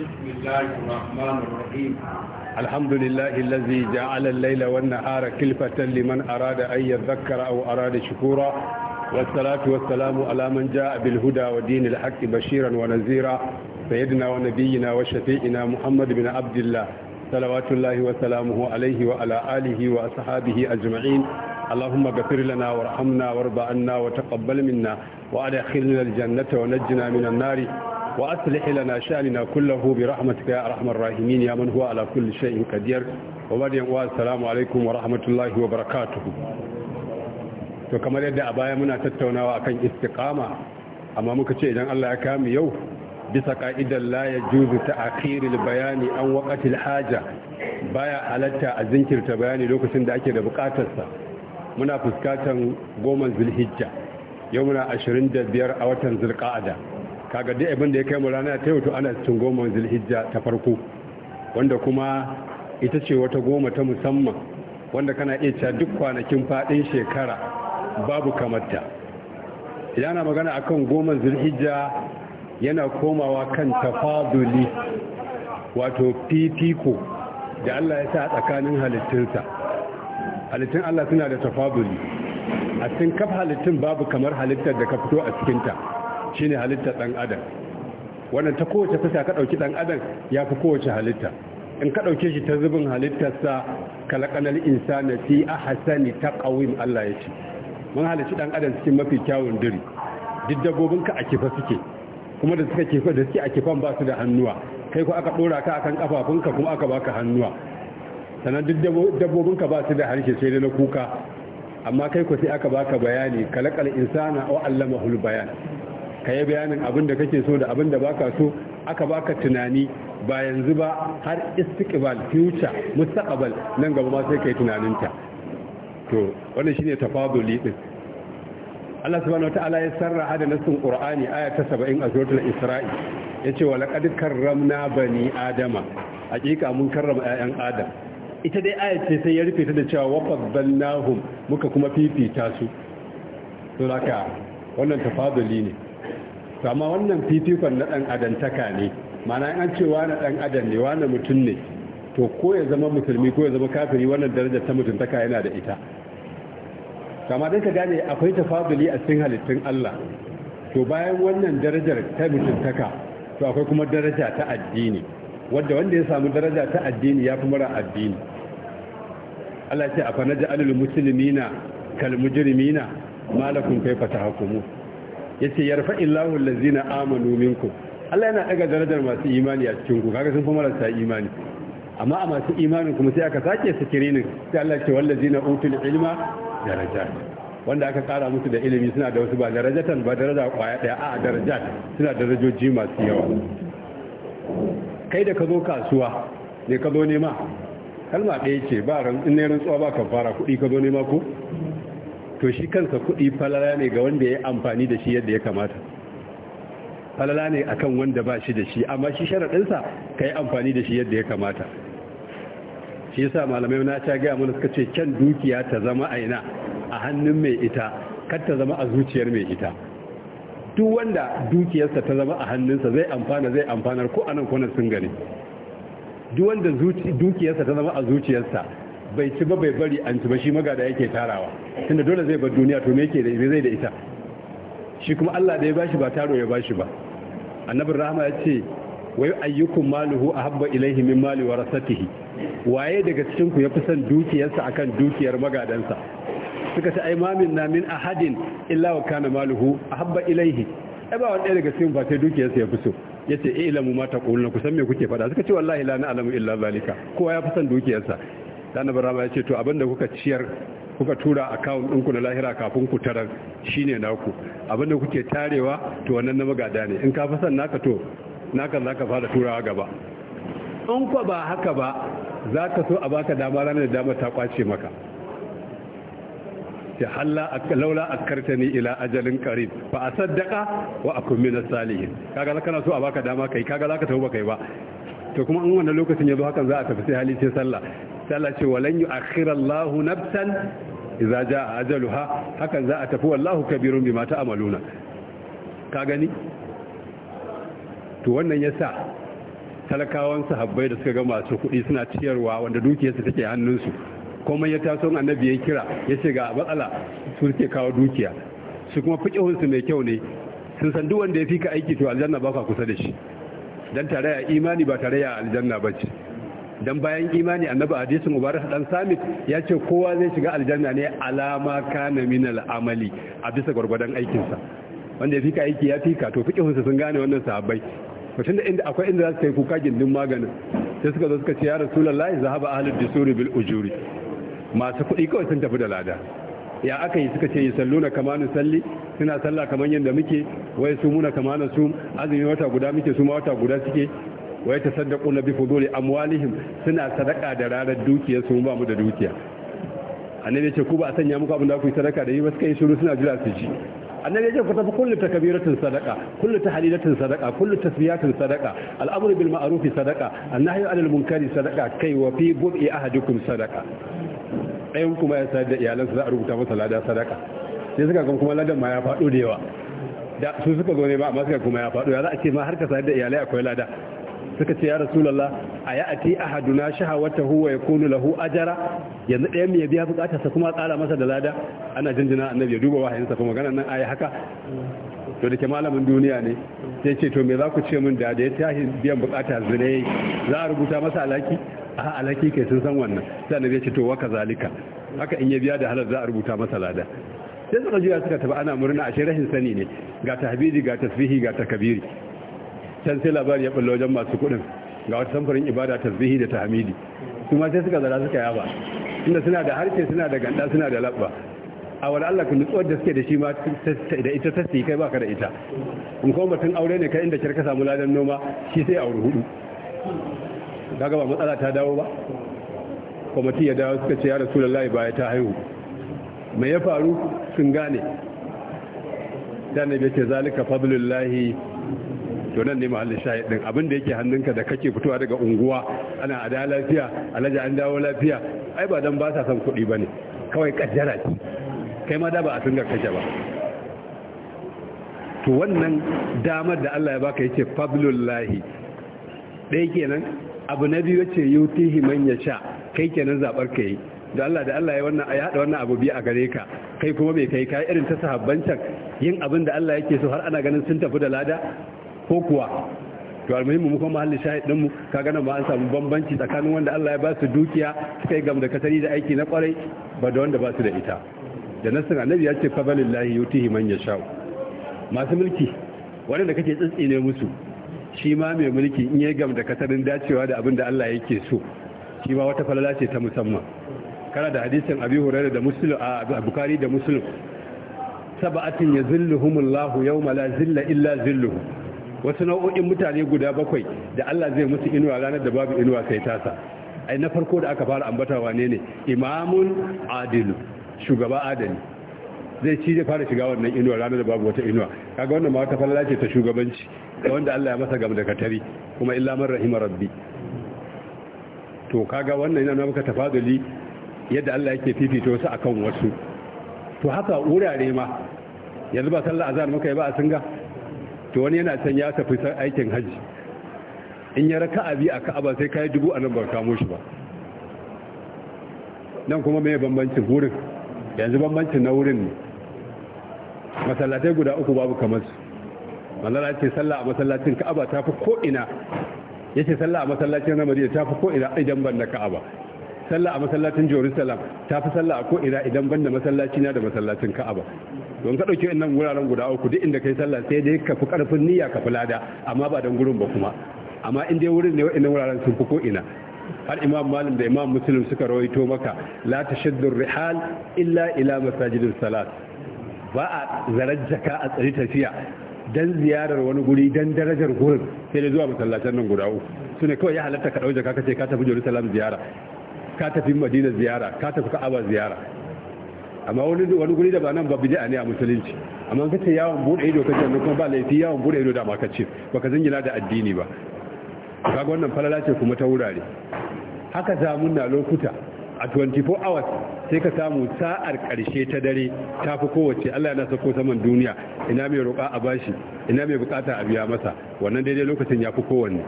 بسم الله الرحمن الرحيم الحمد لله الذي جعل الليل والنهار كلفة لمن أراد أن يذكر أو أراد شكورا والصلاة والسلام على من جاء بالهدى ودين الحق بشيرا ونذيرا سيدنا ونبينا وشفيئنا محمد بن عبد الله صلوات الله وسلامه عليه وعلى آله وأصحابه أجمعين اللهم اغفر لنا وارحمنا وارض عنا وتقبل منا وأدخلنا الجنة ونجنا من النار وأصلح لنا شأننا كله برحمتك يا أرحم الراحمين يا من هو على wa شيء قدير وبعدين والسلام wa ورحمة wa وبركاته to kamar yadda a baya muna tattaunawa akan istiqama amma muka ce idan Allah ya kame yau bisa ka'idar la yajuzu ta'khirul bayani an waqtil haja baya halarta a zinkirta bayani lokacin da ake da bukatarsa muna fuskatan goma zulhijja yau muna 25 a watan zulqa'ada kaga duk abin da ya kai mu rana ta yau to ana cikin goma zulhijja ta farko wanda kuma ita ce wata goma ta musamman wanda kana iya cewa duk kwanakin fadin shekara babu kamarta idan ana magana akan goma zulhijja yana komawa kan tafaduli wato fifiko da Allah ya sa tsakanin halittunsa halittun Allah suna da tafaduli a cikin kaf halittun babu kamar halittar da ka fito a cikinta Shi ne halittar ɗan adam wannan ta kowace fasa ka ɗauki ɗan adam ya fi kowace halitta in ka ɗauke shi ta zubin halittarsa kalaqalal insana fi ta ƙawin Allah ya ce mun halitta ɗan adam cikin mafi kyawun diri duk dabbobin ka a kifa suke kuma da suka kifa da suke a kifan ba su da hannuwa kai ku aka ɗora ka akan kafafunka kuma aka baka hannuwa sannan duk ka ba su da harshe sai na kuka amma kai ku sai aka baka bayani kalakal insana wa hul bayan ka yi bayanin abin da kake so da abin da baka so aka baka tunani ba yanzu ba har istiqbal future mustaqbal nan gaba ma sai kai tunaninta to wannan shine tafaduli din Allah subhanahu wataala ya sarra hada nasin Qur'ani aya ta 70 a suratul Isra'i yace wa laqad karramna bani adama hakika mun karrama 'ya'yan adam ita dai aya ce sai ya rufe ta da cewa wa faddalnahum muka kuma fifita su to laka wannan tafaduli ne amma wannan fifikon na ɗan adantaka ne mana an ce wani dan adam ne wani mutum ne to ko ya zama musulmi ko ya zama kafiri wannan darajar ta mutuntaka yana da ita kama dai ka gane akwai tafaduli a cikin halittun Allah to bayan wannan darajar ta mutuntaka to akwai kuma daraja ta addini wanda wanda ya samu daraja ta addini ya fi mara addini Allah ya ce a fanaja alul muslimina kal mujrimina malakum kayfa tahkumun yace illahu allazina amanu minkum Allah yana daga darajar masu imani a cikin ku kaga sun fi marasa imani amma a masu imanin kuma sai aka sake su kirinin sai Allah ce wallazina utul ilma daraja wanda aka kara musu da ilimi suna da wasu ba darajatan ba daraja kwaya daya a daraja suna darajoji masu yawa kai da ka zo kasuwa ne ka zo nema kalma ɗaya ce ba ran in ne rantsuwa ba ka fara kuɗi ka zo nema ko to shi kansa kuɗi falala ne ga wanda ya amfani da shi yadda ya kamata falala ne akan wanda ba shi da shi amma shi sharaɗinsa ka yi amfani da shi yadda ya kamata shi yasa malamai na ta gaya mana suka ce can dukiya ta zama aina a hannun mai ita kar ta zama a zuciyar mai ita duk wanda dukiyarsa ta zama a hannunsa zai amfana zai amfanar ko anan ko nan sun gani duk wanda dukiyarsa ta zama a zuciyarsa bai ci ba bai bari an ci ba shi magada yake tarawa tunda dole zai bar duniya to me yake da zai da ita shi kuma Allah da ya bashi ba taro ya bashi ba annabi rahama ya ce wai ayyukun maluhu a habba ilaihi min mali wa rasatihi waye daga cikin ku yafi son dukiyarsa akan dukiyar magadansa suka ce ai mamin na min ahadin illa wa kana maluhu a habba ilaihi ai ba wani daga cikin ba sai dukiyarsa yafi so yace eh ilamu mata kullu ku san me kuke fada suka ce wallahi la na'lamu illa zalika kowa ya fi son dukiyarsa dan annabin ya ce to abinda kuka ciyar kuka tura akawun ɗinku na lahira kafin ku tarar shi ne naku abinda kuke tarewa to wannan na magada ne in ka fi son naka to naka za ka fara turawa gaba in kwa ba haka ba za ka so a baka dama ranar da dama ta kwace maka ya halla laula akartani ila ajalin ba a saddaka wa a akun na salihin kaga kana so a baka dama kai kaga tafi ba kai ba to kuma in wannan lokacin yazo hakan za a tafi sai hali sai sallah sallah ce walan yu'akhirallahu nafsan idza jaa ajaluha hakan za a tafi wallahu kabirun bima ta'maluna ka gani to wannan yasa talakawan sahabbai da suka ga masu kuɗi suna ciyarwa wanda dukiyarsu take hannunsu kuma ya taso annabi ya kira ya ce ga matsala su suke kawo dukiya su kuma fiƙihunsu mai kyau ne sun san duk wanda ya fi ka aiki to aljanna ba ka kusa da shi dan tare ya imani ba tare ya aljanna ba ce dan bayan imani annabi hadisin mubarak dan samit ya ce kowa zai shiga aljanna ne alama kana min amali a bisa gwargwadon aikinsa wanda ya fika aiki ya fika to fikihunsa sun gane wannan sahabbai mutum da inda akwai inda za su kai kuka gindin maganin sai suka zo suka ce ya rasulullahi zahaba ahlud dusuri bil ujuri masu kuɗi kawai sun tafi da lada ya aka yi suka ce yusalluna kama salli? suna sallah kamar yadda muke wai su muna kama su azumi wata guda muke su ma wata guda suke wa ya tasaddaqu na bi fuduli amwalihim suna sadaka da ranar dukiyar su ba mu da dukiya annabi ya ce ku ba a sanya muku abin da ku yi sadaka da yi ba suka yi shiru suna jira su ji annabi ya ce ku tafi kullu takbiratin sadaka kullu tahlilatin sadaka kullu tasbiyatin sadaka, al'amru bil ma'ruf sadaka annahyu 'anil munkari sadaka kai wa fi bu'i ahadukum sadaka. ɗayan kuma ya sadar da iyalansa za a rubuta masa lada sadaka sai suka ga kuma ladan ma ya faɗo da yawa da su suka zo ne ba amma suka kuma ya faɗo ya za a ce ma har ka sadar da iyalai akwai lada suka ce ya rasulullah a ya ati ahaduna shahawata huwa ya kunu lahu ajara yanzu ɗaya mai biya bukatarsa kuma tsara masa da lada ana jinjina annabi ya duba wahayinsa kuma maganar nan ayi haka to da ke malamin duniya ne sai ce to me za ku ce min da da ya tashi biyan bukata zine za a rubuta masa alaki a alaki kai sun san wannan sai annabi ya ce to waka zalika haka in ya biya da halar za a rubuta masa lada sai suka juya suka tafi ana murna ashe rashin sani ne ga tahbidi ga tasbihi ga takabiri can sai labari ya ɓullo wajen masu kuɗin ga wata samfurin ibada tasbihi da tahmidi kuma sai suka zara suka yaba inda suna da harshe suna da ganda suna da labba a wani Allah ka nutsuwar da suke da shi ma da ita ta kai baka da ita in kuma batun aure ne kai inda kir ka samu ladan noma shi sai aure hudu daga ba matsala ta dawo ba kwamati ya dawo suka ce ya rasulullahi baya ta haihu mai ya faru sun gane dan ne bai ce zalika fadlullahi to nan ne mahallin shahid din abin da yake hannunka da kake fitowa daga unguwa ana ada lafiya alhaji an dawo lafiya ai ba dan ba sa san kuɗi bane kawai kaddara ce kai ma da ba a tunga kashe ba to wannan damar da Allah ya baka yace fablullahi dai kenan abu na biyu yace yutihi man yasha kai kenan zabar ka yi da Allah da Allah ya wannan ya hada wannan abu biyu a gare ka kai kuma bai kai kai irin ta sahabban can yin abin da Allah yake so har ana ganin sun tafi da lada ko kuwa to almuhimmi mu kuma mahallin shahid mu kaga nan ba an samu bambanci tsakanin wanda Allah ya ba su dukiya suka yi gamda katari da aiki na kwarai ba da wanda ba su da ita da nasin annabi ya ce fa balillahi yutihi man yasha masu mulki wanda kake tsitsi ne musu shi ma mai mulki in ya gamda katarin dacewa da abin da Allah ke so shi ma wata falala ce ta musamman kana da hadisin abi hurairah da muslim a bukari da muslim sab'atin yazilluhumullahu yawma la zilla illa zilluhum wasu nau'o'in mutane guda bakwai da Allah zai musu inuwa ranar da babu inuwa sai tasa ai na farko da aka fara ambatawa ne ne imamun adilu shugaba adali zai ci da fara shiga wannan inuwa ranar da babu wata inuwa kaga wannan ma wata falala ce ta shugabanci da wanda Allah ya masa gam da katari kuma illa man rahima rabbi to kaga wannan yana maka tafaduli yadda Allah yake fifita wasu akan wasu to haka wurare ma yanzu ba sallar azan muka yi ba a singa to wani yana can ya tafi aikin hajji in ya raka abi a ka'aba sai kayi dubu a nan ba kamo shi ba nan kuma mai bambancin wurin yanzu bambancin na wurin ne masallatai guda uku babu kamar su mallara ce sallah a masallacin ka'aba ta fi ko'ina ya ce sallah a masallacin ramadi ta fi ko'ina idan ban na ka'aba sallah a masallacin jerusalem ta fi sallah a ko'ina idan ban da masallaci na da masallacin ka'aba don ka ɗauki nan wuraren guda uku duk inda kai sallah sai dai ka fi ƙarfin niyya ka fi lada amma ba don gurin ba kuma amma in dai wurin ne wa'annan wuraren sun fi ko'ina har imam malam da imam muslim suka rawaito maka la tashaddu rihal illa ila masajidin salat ba a zarar jaka a tsari tafiya dan ziyarar wani guri dan darajar gurin sai da zuwa masallacin nan guda uku su ne kawai ya halatta ka ɗau jaka ka ce ka tafi jerusalem ziyara ka tafi madina ziyara ka tafi ka'aba ziyara amma wani wani guri da ba nan ba bid'a ne a musulunci amma ka ce yawon bude ido ka jannu kuma ba laifi yawon bude ido da ka ce baka zingina da addini ba kaga wannan falala ce kuma ta wurare haka za mun na lokuta a 24 hours sai ka samu sa'ar karshe ta dare ta fi kowace Allah yana sako saman duniya ina mai roƙa a bashi ina mai bukata a biya masa wannan daidai lokacin ya fi kowanne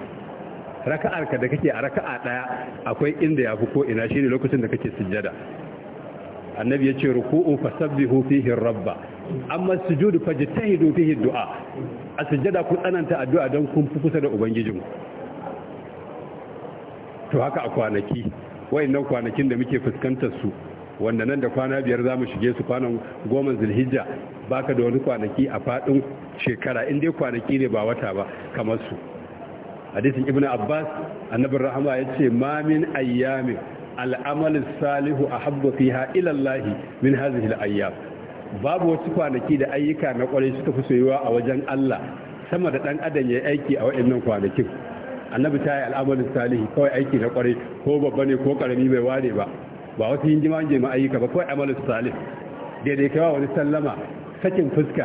raka'ar ka da kake a raka'a daya akwai inda yafi ko ina shine lokacin da kake sujjada annabi yace ruku'u fasabbihu fihi rabba amma sujudu fajtahidu fihi du'a a sujjada ku tsananta addu'a don kun fi kusa da ubangijin to haka a kwanaki wayannan kwanakin da muke fuskantar su wanda nan da kwana biyar za mu shige su kwanan goma zulhijja baka da wani kwanaki a faɗin shekara in dai kwanaki ne ba wata ba kamar su hadisin ibnu abbas annabin rahama yace ma min ayyamin al'amal salihu a fiha ila Allah min hadhihi al-ayyam babu wasu kwanaki da ayyuka na kwarai suka fi soyuwa a wajen Allah sama da dan adam yayi aiki a waɗannan kwanakin annabi ta yi al'amalin Salihu kawai aiki na kwarai ko babba ne ko karami bai ware ba ba wasu yin jima jima ayyuka ba kawai amalin salih daidai kawa wani sallama sakin fuska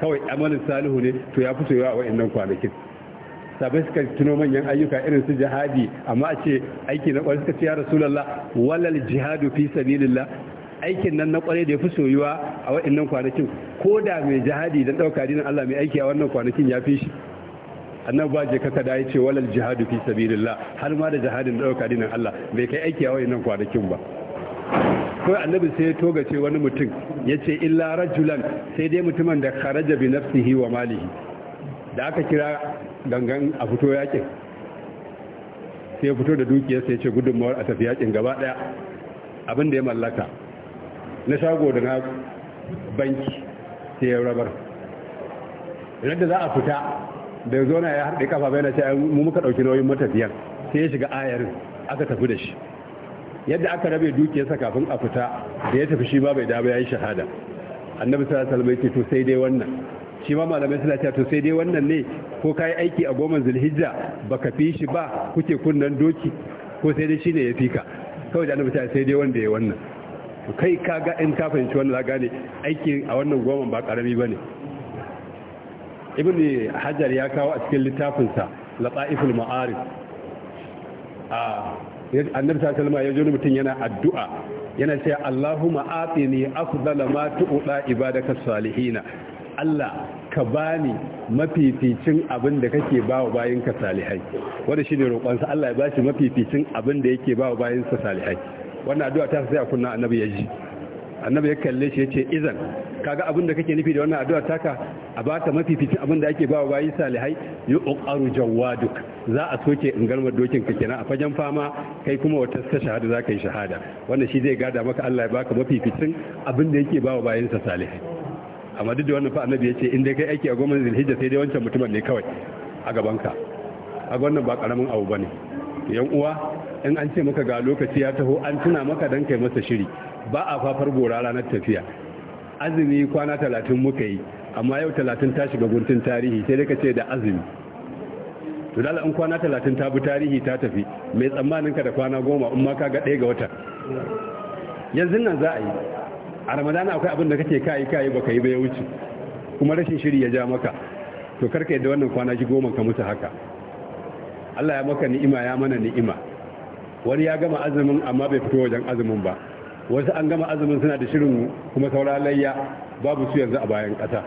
kawai amalin salihu ne to ya fi soyuwa a waɗannan kwanakin sabai suka tuno manyan ayyuka irin su jihadi amma a ce aiki na kwarai suka ce ya rasulallah walal jihadu fi sabilillah aikin nan na kwarai da ya fi soyuwa a waɗannan kwanakin ko da mai jihadi don ɗauka dinin Allah mai aiki a wannan kwanakin ya fi shi annabi ba je kaka da ya ce walal jihadu fi sabilillah har ma da jihadin da ɗauka dinin Allah bai kai aiki a waɗannan kwanakin ba ko annabi sai ya toga ce wani mutum ya ce illa rajulan sai dai mutumin da kharaja bi nafsihi wa malihi da aka kira gangan a fito yakin sai fito da dukiya sai ce gudunmawar a tafi yakin gaba daya abinda ya mallaka na shago da na banki sai ya rabar yadda za a fita da zo ya harɗe kafa bai na ce mu muka ɗauki nauyin matafiyan sai ya shiga ayarin aka tafi da shi yadda aka rabe dukiyarsa kafin a fita da ya tafi shi ba bai da ya yi shahada annabi sallallahu alaihi wasallam to sai dai wannan shi ma malamai suna cewa to sai dai wannan ne ko kai aiki a goma zulhijja baka fi shi ba kuke kunnan doki ko sai dai shine ya fi ka kawai da annabi sai dai wanda ya wannan kai ka ga in ka fahimci wannan za gane aiki a wannan goma ba karami bane ibnu hajar ya kawo a cikin littafinsa lataiful ma'arif a annabi sallallahu alaihi ya zo mutum yana addu'a yana cewa Allahumma atini afdala ma tu'ta ibadaka salihina Allah ka bani mafificin abin da kake bawa bayan ka salihai wanda shine roƙon sa Allah ya bashi mafificin abin da yake bawa bayan sa salihai wannan addu'a ta sai a kunna annabi ya ji annabi ya kalle shi yace izan kaga abin da kake nufi da wannan addu'a taka a ta mafificin abin da ake bawa bayi salihai yuqaru jawaduk za a soke in garmar dokin ka kenan a fagen fama kai kuma wata ta shahada za ka yi shahada wannan shi zai gada maka Allah ya baka mafificin abin da yake bawa bayinsa salihai amma duk da wannan fa annabi yace ce in dai kai aiki a goma zulhijja sai dai wancan mutumin ne kawai a gaban ka. a wannan ba karamin abu bane yan uwa in an ce maka ga lokaci ya taho an tuna maka dan kai masa shiri ba a fafar gora ranar tafiya azumi kwana talatin muka yi amma yau talatin ta shiga guntun tarihi sai dai ka ce da azumi to dala in kwana talatin ta bi tarihi ta tafi mai tsammanin ka da kwana goma in ma ka ga ɗaya ga wata yanzu nan za a yi a ramadana akwai abin da kake kayi kayi baka yi ba ya wuce kuma rashin shiri ya ja maka to karka yadda wannan kwanaki goma ka mutu haka Allah ya maka ni'ima ya mana ni'ima wani ya gama azumin amma bai fito wajen azumin ba wasu an gama azumin suna da shirin kuma saura layya babu su yanzu a bayan kasa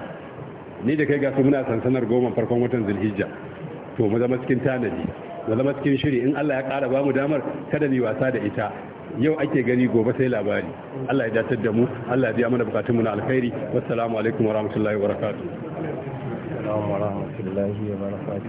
ni da kai ga su muna sansanar goma farkon watan zulhijja to mu zama cikin tanadi mu zama cikin shiri in Allah ya kara bamu damar kada mu wasa da ita yau ake gani gobe sai labari Allah ya datar da mu Allah ya biya mana bukatun mu na alkhairi wassalamu alaikum warahmatullahi wabarakatuh assalamu alaikum